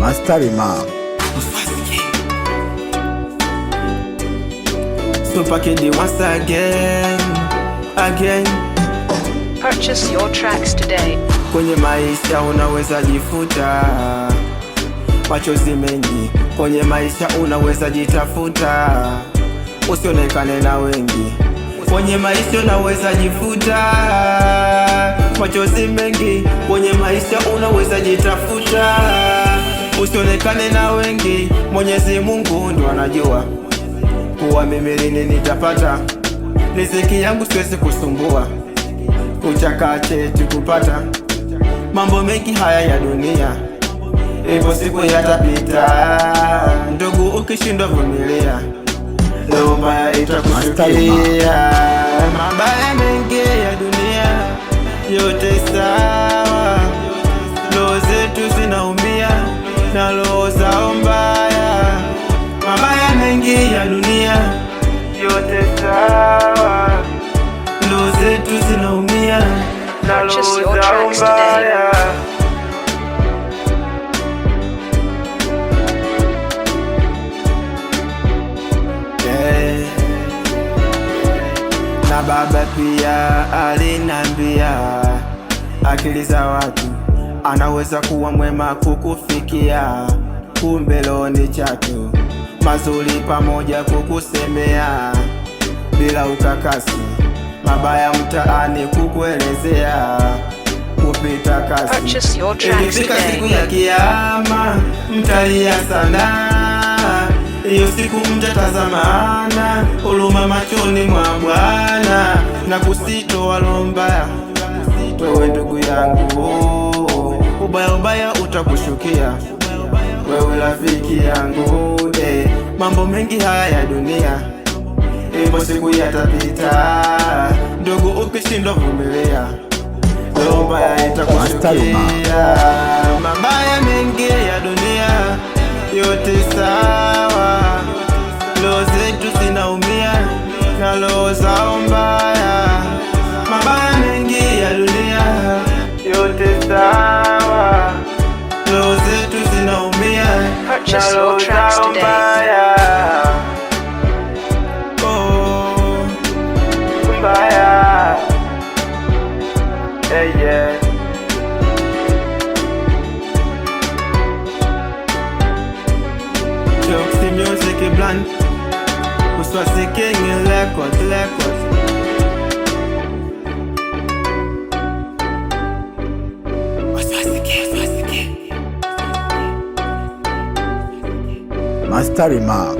Master Rema. So package once again, again. Purchase your tracks today. Kwenye maisha unaweza jifuta machozi mengi, kwenye maisha unaweza jitafuta usionekane na wengi, kwenye maisha unaweza jifuta machozi mengi, kwenye maisha unaweza jitafuta usionekane na wengi. Mwenyezi Mungu ndo anajua kuwa mimi lini nitapata riziki yangu, siwezi kusumbua kuchakache tukupata mambo mengi haya ya dunia, ipo siku yatapita ndugu, ukishindwa vumilia leo mbaya itakushukia. Mabaya mengi ya dunia yote na roho zao mbaya. Mabaya mengi ya dunia yote sawa, ndoa zetu zinaumia na roho zao mbaya. Na baba pia alinambia akili za watu anaweza kuwa mwema kukufikia, kumbe lo ni chatu, mazuri pamoja kukusemea bila ukakasi, mabaya mtaani kukuelezea kupita kasi. Ikifika siku ya Kiyama mtalia sana, iyo siku mtatazamana, huruma machoni mwa Bwana na kusitoa roho mbaya. Wewe ndugu yangu ubaya ubaya utakushukia wewe rafiki yangu eh, mambo mengi haya ya dunia ipo siku yatapita, ndugu, ukishindwa vumilia ubaya itakushukia. Mabaya mengi ya dunia yote saa just slow tracks today. Oh, yeah, yeah. Yo, c'est mieux, Master Remark.